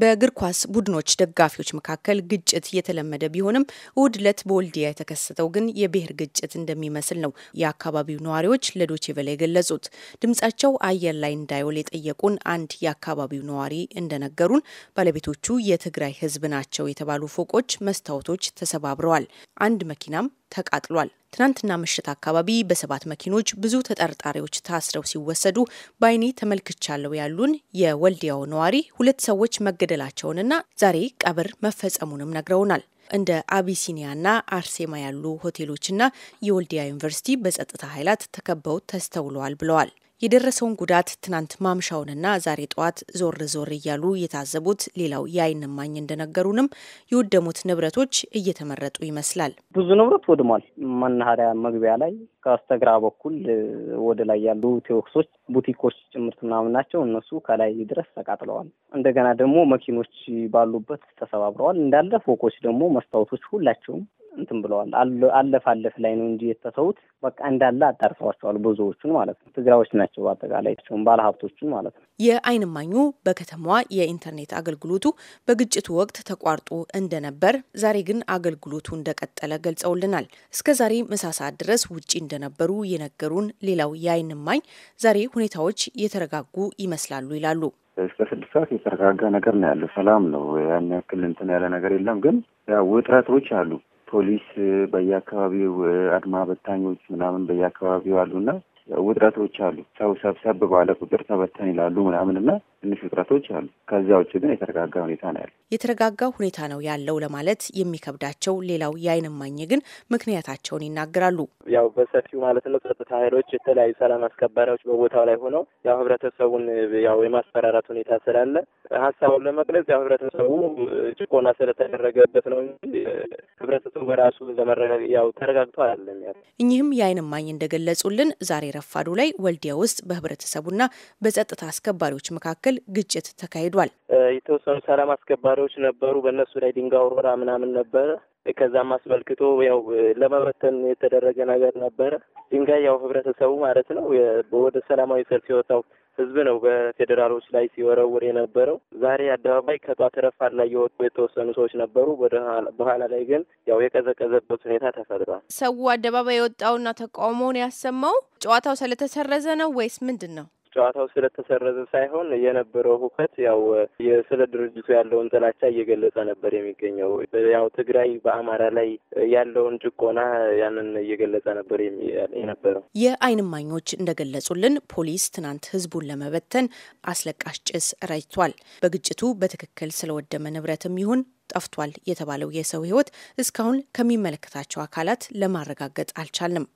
በእግር ኳስ ቡድኖች ደጋፊዎች መካከል ግጭት እየተለመደ ቢሆንም እሁድ ዕለት በወልዲያ የተከሰተው ግን የብሔር ግጭት እንደሚመስል ነው የአካባቢው ነዋሪዎች ለዶቼ ቬለ የገለጹት። ድምጻቸው አየር ላይ እንዳይውል የጠየቁን አንድ የአካባቢው ነዋሪ እንደነገሩን ባለቤቶቹ የትግራይ ሕዝብ ናቸው የተባሉ ፎቆች መስታወቶች ተሰባብረዋል። አንድ መኪናም ተቃጥሏል። ትናንትና ምሽት አካባቢ በሰባት መኪኖች ብዙ ተጠርጣሪዎች ታስረው ሲወሰዱ በአይኔ ተመልክቻለሁ ያሉን የወልዲያው ነዋሪ ሁለት ሰዎች መገደላቸውንና ዛሬ ቀብር መፈጸሙንም ነግረውናል። እንደ አቢሲኒያና አርሴማ ያሉ ሆቴሎችና የወልዲያ ዩኒቨርሲቲ በጸጥታ ኃይላት ተከበው ተስተውለዋል ብለዋል። የደረሰውን ጉዳት ትናንት ማምሻውንና ዛሬ ጠዋት ዞር ዞር እያሉ የታዘቡት ሌላው የዓይን እማኝ እንደነገሩንም የወደሙት ንብረቶች እየተመረጡ ይመስላል። ብዙ ንብረት ወድሟል። መናኸሪያ መግቢያ ላይ ከበስተግራ በኩል ወደ ላይ ያሉ ቴዎክሶች፣ ቡቲኮች ጭምርት ምናምን ናቸው። እነሱ ከላይ ድረስ ተቃጥለዋል። እንደገና ደግሞ መኪኖች ባሉበት ተሰባብረዋል። እንዳለ ፎቆች ደግሞ መስታወቶች ሁላቸውም እንትን ብለዋል። አለፍ አለፍ ላይ ነው እንጂ የተተዉት በቃ እንዳለ አጣርተዋቸዋል። ብዙዎቹን ማለት ነው ትግራዮች ናቸው በአጠቃላይ ቸውን ባለሀብቶቹን ማለት ነው። የአይን እማኙ በከተማዋ የኢንተርኔት አገልግሎቱ በግጭቱ ወቅት ተቋርጦ እንደነበር፣ ዛሬ ግን አገልግሎቱ እንደቀጠለ ገልጸውልናል። እስከ ዛሬ ምሳ ሰዓት ድረስ ውጪ እንደነበሩ የነገሩን ሌላው የአይን እማኝ ዛሬ ሁኔታዎች የተረጋጉ ይመስላሉ ይላሉ። እስከ ስድስት ሰዓት የተረጋጋ ነገር ነው ያለው። ሰላም ነው። ያን ያክል እንትን ያለ ነገር የለም። ግን ያው ውጥረቶች አሉ። ፖሊስ በየአካባቢው አድማ በታኞች ምናምን በየአካባቢው አሉና ውጥረቶች አሉ። ሰው ሰብሰብ ባለ ቁጥር ተበተን ይላሉ ምናምንና ትንሽ ውጥረቶች አሉ። ከዚያ ውጭ ግን የተረጋጋ ሁኔታ ነው ያለው። የተረጋጋ ሁኔታ ነው ያለው ለማለት የሚከብዳቸው ሌላው የዓይን እማኝ ግን ምክንያታቸውን ይናገራሉ። ያው በሰፊው ማለት ነው ጸጥታ ኃይሎች፣ የተለያዩ ሰላም አስከባሪዎች በቦታው ላይ ሆነው ያው ህብረተሰቡን ያው የማስፈራራት ሁኔታ ስላለ ሀሳቡን ለመግለጽ ያው ህብረተሰቡ ጭቆና ስለተደረገበት ነው እንጂ ህብረተሰቡ በራሱ ያው ተረጋግቶ አላለም። እኚህም የዓይን እማኝ እንደገለጹልን ዛሬ ረፋዱ ላይ ወልዲያ ውስጥ በህብረተሰቡና በጸጥታ አስከባሪዎች መካከል ግጭት ተካሂዷል። የተወሰኑ ሰላም አስከባሪዎች ነበሩ። በእነሱ ላይ ድንጋይ ውርወራ ምናምን ነበረ። ከዛም አስመልክቶ ያው ለመበተን የተደረገ ነገር ነበረ። ድንጋይ ያው ህብረተሰቡ ማለት ነው ወደ ሰላማዊ ሰልፍ የወጣው ህዝብ ነው በፌዴራሎች ላይ ሲወረውር የነበረው። ዛሬ አደባባይ ከጧት ረፋድ ላይ የወጡ የተወሰኑ ሰዎች ነበሩ። በኋላ ላይ ግን ያው የቀዘቀዘበት ሁኔታ ተፈጥሯል። ሰው አደባባይ የወጣውና ተቃውሞውን ያሰማው ጨዋታው ስለተሰረዘ ነው ወይስ ምንድን ነው? ጨዋታው ስለተሰረዘ ሳይሆን የነበረው ሁከት ያው ስለ ድርጅቱ ያለውን ጥላቻ እየገለጸ ነበር የሚገኘው። ያው ትግራይ በአማራ ላይ ያለውን ጭቆና ያንን እየገለጸ ነበር የነበረው። የዓይን እማኞች እንደገለጹልን ፖሊስ ትናንት ህዝቡን ለመበተን አስለቃሽ ጭስ ረጭቷል። በግጭቱ በትክክል ስለወደመ ንብረትም ይሁን ጠፍቷል የተባለው የሰው ህይወት እስካሁን ከሚመለከታቸው አካላት ለማረጋገጥ አልቻልንም።